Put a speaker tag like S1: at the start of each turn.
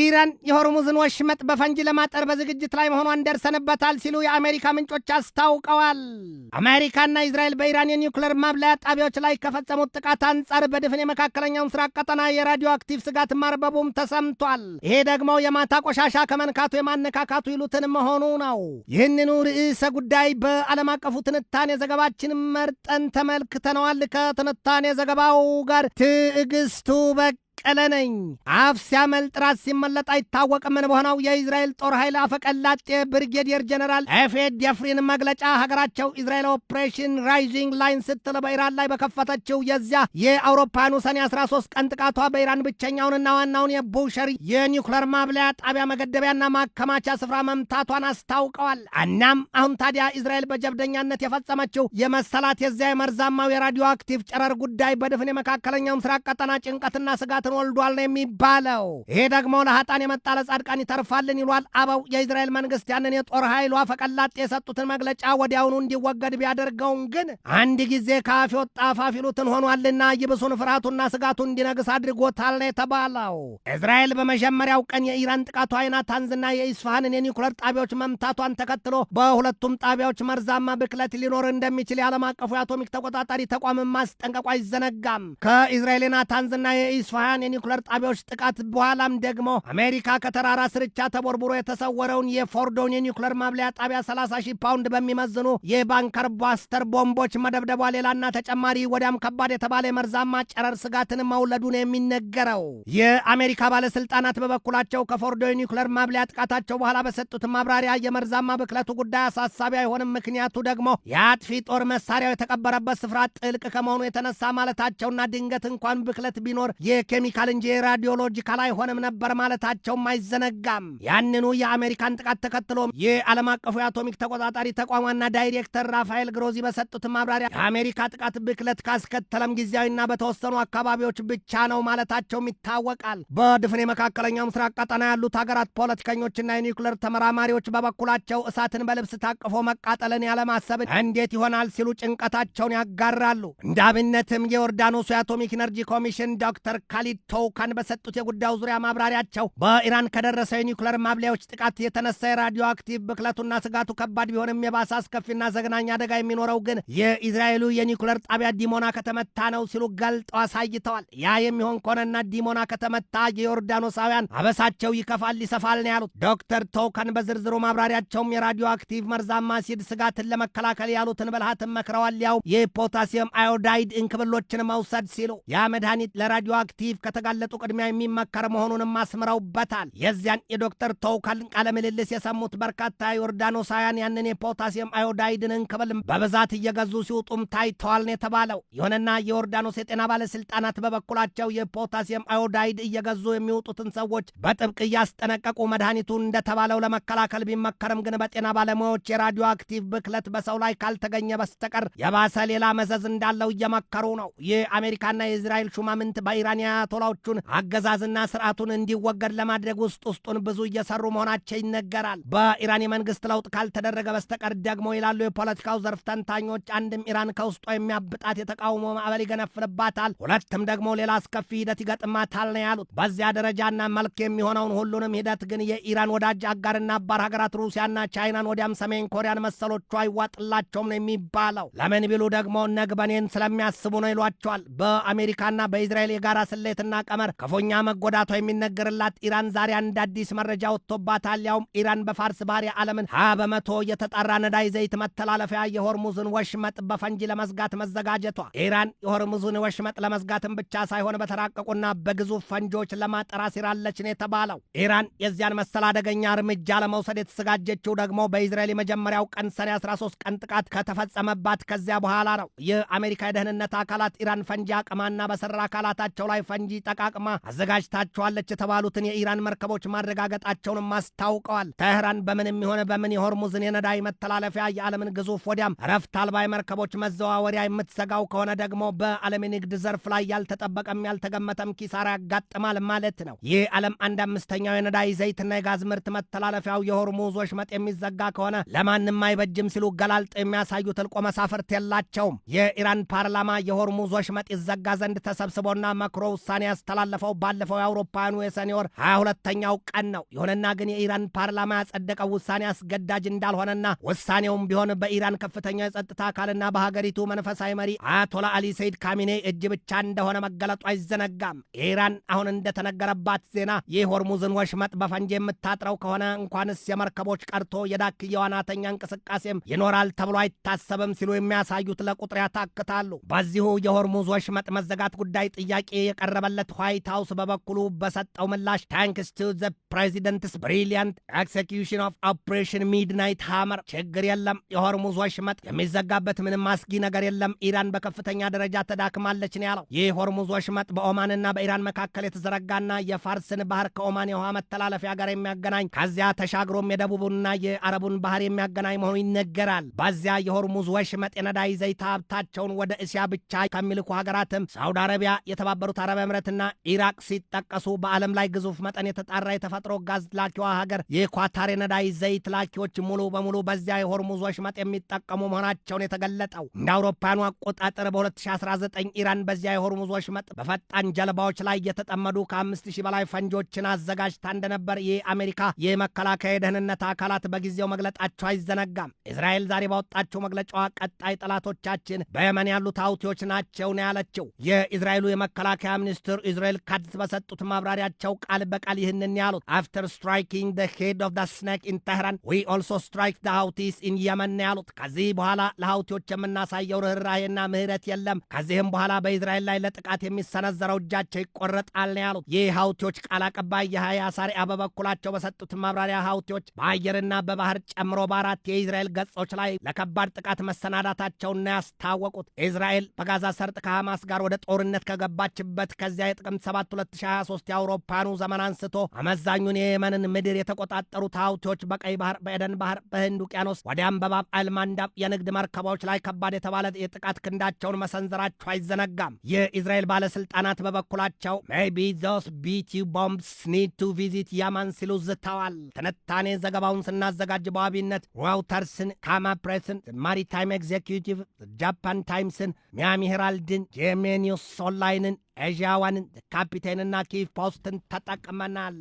S1: ኢራን የሆርሙዝን ወሽመጥ በፈንጂ ለማጠር በዝግጅት ላይ መሆኗን ደርሰንበታል ሲሉ የአሜሪካ ምንጮች አስታውቀዋል። አሜሪካና እስራኤል በኢራን የኒውክሌር ማብላያ ጣቢያዎች ላይ ከፈጸሙት ጥቃት አንጻር በድፍን የመካከለኛው ምስራቅ ቀጠና የራዲዮ አክቲቭ ስጋት ማርበቡም ተሰምቷል። ይሄ ደግሞ የማታ ቆሻሻ ከመንካቱ የማነካካቱ ይሉትን መሆኑ ነው። ይህንኑ ርዕሰ ጉዳይ በዓለም አቀፉ ትንታኔ ዘገባችን መርጠን ተመልክተነዋል። ከትንታኔ ዘገባው ጋር ትዕግስቱ በቅ በቀለ ነኝ። አፍ ሲያመልጥ ራስ ሲመለጥ ምን በሆነው የእስራኤል ጦር ኃይል አፈቀላጤ ብርጌዲየር ጀነራል ኤፌድ የፍሪን መግለጫ ሀገራቸው እስራኤል ኦፕሬሽን ራይዚንግ ላይን ስትል በኢራን ላይ በከፈተችው የዚያ የአውሮፓውያኑ ሰኔ 13 ቀን ጥቃቷ በኢራን ብቸኛውንና ዋናውን የቡሸር የኒውክለር ማብለያ ጣቢያ መገደቢያና ማከማቻ ስፍራ መምታቷን አስታውቀዋል። እናም አሁን ታዲያ እስራኤል በጀብደኛነት የፈጸመችው የመሰላት የዚያ የመርዛማው የራዲዮ አክቲቭ ጨረር ጉዳይ በድፍን የመካከለኛው ምስራቅ ቀጠና ጭንቀትና ስጋት ወልዷል ነው የሚባለው። ይሄ ደግሞ ለሀጣን የመጣ ለጻድቃን ይተርፋልን ይሏል አበው። የእስራኤል መንግስት ያንን የጦር ኃይሏ ፈቀላጥ የሰጡትን መግለጫ ወዲያውኑ እንዲወገድ ቢያደርገውም ግን አንድ ጊዜ ከአፍ ወጣ አፍ ሆኗልና ይብሱን ፍርሃቱና ስጋቱ እንዲነግስ አድርጎታል ነው የተባለው። እስራኤል በመጀመሪያው ቀን የኢራን ጥቃቷ ታንዝና የኢስፋሃንን የኒኩለር ጣቢያዎች መምታቷን ተከትሎ በሁለቱም ጣቢያዎች መርዛማ ብክለት ሊኖር እንደሚችል የዓለም አቀፉ የአቶሚክ ተቆጣጣሪ ተቋም ማስጠንቀቁ አይዘነጋም። ከኢስራኤል ታንዝና የኢስፋሃን የኢራን የኒውክለር ጣቢያዎች ጥቃት በኋላም ደግሞ አሜሪካ ከተራራ ስርቻ ተቦርቡሮ የተሰወረውን የፎርዶን የኒውክለር ማብለያ ጣቢያ 30 ሺህ ፓውንድ በሚመዝኑ የባንከር ባስተር ቦምቦች መደብደቧ ሌላና ተጨማሪ ወዲያም ከባድ የተባለ የመርዛማ ጨረር ስጋትን መውለዱን የሚነገረው የአሜሪካ ባለስልጣናት በበኩላቸው ከፎርዶ የኒውክለር ማብለያ ጥቃታቸው በኋላ በሰጡት ማብራሪያ የመርዛማ ብክለቱ ጉዳይ አሳሳቢ አይሆንም፣ ምክንያቱ ደግሞ የአጥፊ ጦር መሳሪያው የተቀበረበት ስፍራ ጥልቅ ከመሆኑ የተነሳ ማለታቸውና ድንገት እንኳን ብክለት ቢኖር የኬሚ ሜካኒካል እንጂ ራዲዮሎጂካል አይሆንም ነበር ማለታቸውም አይዘነጋም። ያንኑ የአሜሪካን ጥቃት ተከትሎ የዓለም አቀፉ የአቶሚክ ተቆጣጣሪ ተቋም ዋና ዳይሬክተር ራፋኤል ግሮዚ በሰጡት ማብራሪያ የአሜሪካ ጥቃት ብክለት ካስከተለም ጊዜያዊና በተወሰኑ አካባቢዎች ብቻ ነው ማለታቸውም ይታወቃል። በድፍን የመካከለኛው ምስራቅ ቀጠና ያሉት ሀገራት ፖለቲከኞችና የኒውክለር ተመራማሪዎች በበኩላቸው እሳትን በልብስ ታቅፎ መቃጠልን ያለማሰብን እንዴት ይሆናል ሲሉ ጭንቀታቸውን ያጋራሉ። እንደ አብነትም የዮርዳኖሱ የአቶሚክ ኢነርጂ ኮሚሽን ዶክተር ካሊድ ቶካን በሰጡት የጉዳዩ ዙሪያ ማብራሪያቸው በኢራን ከደረሰው የኒውክለር ማብለያዎች ጥቃት የተነሳ የራዲዮ አክቲቭ ብክለቱና ስጋቱ ከባድ ቢሆንም የባሰ አስከፊና ዘግናኝ አደጋ የሚኖረው ግን የኢዝራኤሉ የኒውክለር ጣቢያ ዲሞና ከተመታ ነው ሲሉ ገልጠው አሳይተዋል። ያ የሚሆን ከሆነና ዲሞና ከተመታ የዮርዳኖሳውያን አበሳቸው ይከፋል፣ ይሰፋል ነው ያሉት ዶክተር ቶውካን በዝርዝሩ ማብራሪያቸውም የራዲዮ አክቲቭ መርዛማ ሲድ ስጋትን ለመከላከል ያሉትን ብልሃትን መክረዋል። ያው የፖታሲየም አዮዳይድ እንክብሎችን መውሰድ ሲሉ ያ መድኃኒት ለራዲዮ አክቲቭ ከተጋለጡ ቅድሚያ የሚመከር መሆኑንም አስምረውበታል። የዚያን የዶክተር ተውከልን ቃለ ምልልስ የሰሙት በርካታ ዮርዳኖሳውያን ያንን የፖታሲየም አዮዳይድን እንክብል በብዛት እየገዙ ሲውጡም ታይተዋል ነው የተባለው። ይሁንና የዮርዳኖስ የጤና ባለስልጣናት በበኩላቸው የፖታሲየም አዮዳይድ እየገዙ የሚውጡትን ሰዎች በጥብቅ እያስጠነቀቁ መድኃኒቱ እንደተባለው ለመከላከል ቢመከርም ግን በጤና ባለሙያዎች የራዲዮ አክቲቭ ብክለት በሰው ላይ ካልተገኘ በስተቀር የባሰ ሌላ መዘዝ እንዳለው እየመከሩ ነው። ይህ አሜሪካና የእስራኤል ሹማምንት በኢራን የአያቶላዎቹን አገዛዝና ስርዓቱን እንዲወገድ ለማድረግ ውስጥ ውስጡን ብዙ እየሰሩ መሆናቸው ይነገራል። በኢራን የመንግስት ለውጥ ካልተደረገ በስተቀር ደግሞ ይላሉ የፖለቲካው ዘርፍ ተንታኞች፣ አንድም ኢራን ከውስጧ የሚያብጣት የተቃውሞ ማዕበል ይገነፍልባታል፣ ሁለትም ደግሞ ሌላ አስከፊ ሂደት ይገጥማታል ነው ያሉት። በዚያ ደረጃና መልክ የሚሆነውን ሁሉንም ሂደት ግን የኢራን ወዳጅ አጋርና አባር ሀገራት ሩሲያና ቻይናን ወዲያም ሰሜን ኮሪያን መሰሎቹ አይዋጥላቸውም ነው የሚባለው። ለምን ቢሉ ደግሞ ነግበኔን ስለሚያስቡ ነው ይሏቸዋል። በአሜሪካና በኢዝራኤል የጋራ ስሌት ሰዓትና ቀመር ክፉኛ መጎዳቷ የሚነገርላት ኢራን ዛሬ አንድ አዲስ መረጃ ወጥቶባታል። ያውም ኢራን በፋርስ ባህር የዓለምን ሀያ በመቶ የተጣራ ነዳጅ ዘይት መተላለፊያ የሆርሙዝን ወሽመጥ በፈንጂ ለመዝጋት መዘጋጀቷ ኢራን የሆርሙዝን ወሽመጥ ለመዝጋትን ብቻ ሳይሆን በተራቀቁና በግዙፍ ፈንጂዎች ለማጠራ ይራለች ነው የተባለው። ኢራን የዚያን መሰል አደገኛ እርምጃ ለመውሰድ የተዘጋጀችው ደግሞ በኢዝራኤል የመጀመሪያው ቀን ሰኔ 13 ቀን ጥቃት ከተፈጸመባት ከዚያ በኋላ ነው። ይህ አሜሪካ የደህንነት አካላት ኢራን ፈንጂ አቅማና በሰራ አካላታቸው ላይ ፈንጂ እንጂ ጠቃቅማ አዘጋጅታቸዋለች የተባሉትን የኢራን መርከቦች ማረጋገጣቸውንም አስታውቀዋል። ተህራን በምንም የሆነ በምን የሆርሙዝን የነዳጅ መተላለፊያ የዓለምን ግዙፍ ወዲያም እረፍት አልባ መርከቦች መዘዋወሪያ የምትሰጋው ከሆነ ደግሞ በዓለም የንግድ ዘርፍ ላይ ያልተጠበቀም ያልተገመተም ኪሳራ ያጋጥማል ማለት ነው። ይህ ዓለም አንድ አምስተኛው የነዳጅ ዘይትና የጋዝ ምርት መተላለፊያው የሆርሙዝ ወሽመጥ የሚዘጋ ከሆነ ለማንም አይበጅም ሲሉ ገላልጥ የሚያሳዩ ትልቆ መሳፍርት የላቸውም። የኢራን ፓርላማ የሆርሙዝ ወሽመጥ ይዘጋ ዘንድ ተሰብስቦና መክሮ ውሳኔ ውሳኔ ያስተላለፈው ባለፈው የአውሮፓውያኑ የሰኔ ወር 22 ተኛው ቀን ነው። ይሁንና ግን የኢራን ፓርላማ ያጸደቀው ውሳኔ አስገዳጅ እንዳልሆነና ውሳኔውም ቢሆን በኢራን ከፍተኛ የጸጥታ አካልና በሀገሪቱ መንፈሳዊ መሪ አያቶላ አሊ ሰይድ ካሚኔ እጅ ብቻ እንደሆነ መገለጡ አይዘነጋም። ኢራን አሁን እንደተነገረባት ዜና ይህ ሆርሙዝን ወሽመጥ በፈንጂ የምታጥረው ከሆነ እንኳንስ የመርከቦች ቀርቶ የዳክየው አናተኛ እንቅስቃሴም ይኖራል ተብሎ አይታሰብም ሲሉ የሚያሳዩት ለቁጥር ያታክታሉ። በዚሁ የሆርሙዝ ወሽመጥ መዘጋት ጉዳይ ጥያቄ የቀረበ ያለት ዋይት ሀውስ በበኩሉ በሰጠው ምላሽ ታንክስ ቱ ዘ ፕሬዚደንትስ ብሪሊያንት ኤክሴኪዩሽን ኦፍ ኦፕሬሽን ሚድናይት ሃመር ችግር የለም፣ የሆርሙዝ ወሽመጥ የሚዘጋበት ምንም አስጊ ነገር የለም፣ ኢራን በከፍተኛ ደረጃ ተዳክማለች ነው ያለው። ይህ ሆርሙዝ ወሽመጥ በኦማንና በኢራን መካከል የተዘረጋና የፋርስን ባህር ከኦማን የውሃ መተላለፊያ ጋር የሚያገናኝ ከዚያ ተሻግሮም የደቡቡንና የአረቡን ባህር የሚያገናኝ መሆኑ ይነገራል። በዚያ የሆርሙዝ ወሽመጥ የነዳጅ ዘይት ሀብታቸውን ወደ እስያ ብቻ ከሚልኩ ሀገራትም ሳውዲ አረቢያ፣ የተባበሩት አረብ ኩዌትና ኢራቅ ሲጠቀሱ በዓለም ላይ ግዙፍ መጠን የተጣራ የተፈጥሮ ጋዝ ላኪዋ ሀገር የኳታር የነዳጅ ዘይት ላኪዎች ሙሉ በሙሉ በዚያ የሆርሙዝ ወሽመጥ የሚጠቀሙ መሆናቸውን የተገለጠው እንደ አውሮፓውያኑ አቆጣጠር በ2019 ኢራን በዚያ የሆርሙዝ ወሽመጥ በፈጣን ጀልባዎች ላይ የተጠመዱ ከ5000 በላይ ፈንጂዎችን አዘጋጅታ እንደነበር የአሜሪካ የመከላከያ የደህንነት አካላት በጊዜው መግለጣቸው አይዘነጋም። እስራኤል ዛሬ ባወጣቸው መግለጫዋ ቀጣይ ጠላቶቻችን በየመን ያሉት ሀውቲዎች ናቸው ነው ያለችው። የእስራኤሉ የመከላከያ ሚኒስትር ሚኒስትር ኢዝራኤል ካትዝ በሰጡት ማብራሪያቸው ቃል በቃል ይህንን ያሉት አፍተር ስትራይኪንግ ደ ሄድ ኦፍ ደ ስኔክ ኢን ተህራን ዊ ኦልሶ ስትራይክ ደ ሀውቲስ ኢን የመን ያሉት ከዚህ በኋላ ለሀውቲዎች የምናሳየው ርኅራሄና ምህረት የለም። ከዚህም በኋላ በኢዝራኤል ላይ ለጥቃት የሚሰነዘረው እጃቸው ይቆረጣል ያሉት ይህ ሀውቲዎች ቃል አቀባይ የሀያ ሳሪያ በበኩላቸው በሰጡት ማብራሪያ ሀውቲዎች በአየርና በባህር ጨምሮ በአራት የኢዝራኤል ገጾች ላይ ለከባድ ጥቃት መሰናዳታቸውን ያስታወቁት። ኢዝራኤል በጋዛ ሰርጥ ከሐማስ ጋር ወደ ጦርነት ከገባችበት ከዚያ ሚያዝያ የጥቅምት 7 2023 የአውሮፓኑ ዘመን አንስቶ አመዛኙን የየመንን ምድር የተቆጣጠሩት ሀውቲዎች በቀይ ባህር፣ በኤደን ባህር፣ በህንድ ውቅያኖስ ወዲያም በባብ አልማንዳብ የንግድ መርከቦች ላይ ከባድ የተባለ የጥቃት ክንዳቸውን መሰንዘራቸው አይዘነጋም። የእስራኤል ባለስልጣናት በበኩላቸው ሜቢ ዞስ ቢቲ ቦምብስ ኒድ ቱ ቪዚት ያማን ሲሉ ዝተዋል። ትንታኔ ዘገባውን ስናዘጋጅ በዋቢነት ሮውተርስን፣ ካማ ፕሬስን፣ ማሪታይም ኤግዜኪቲቭ፣ ጃፓን ታይምስን፣ ሚያሚ ሄራልድን፣ ጄሜኒስ ኦንላይንን ኤዥያዋን ካፒቴንና ኪፍ ፖስትን ተጠቅመናል።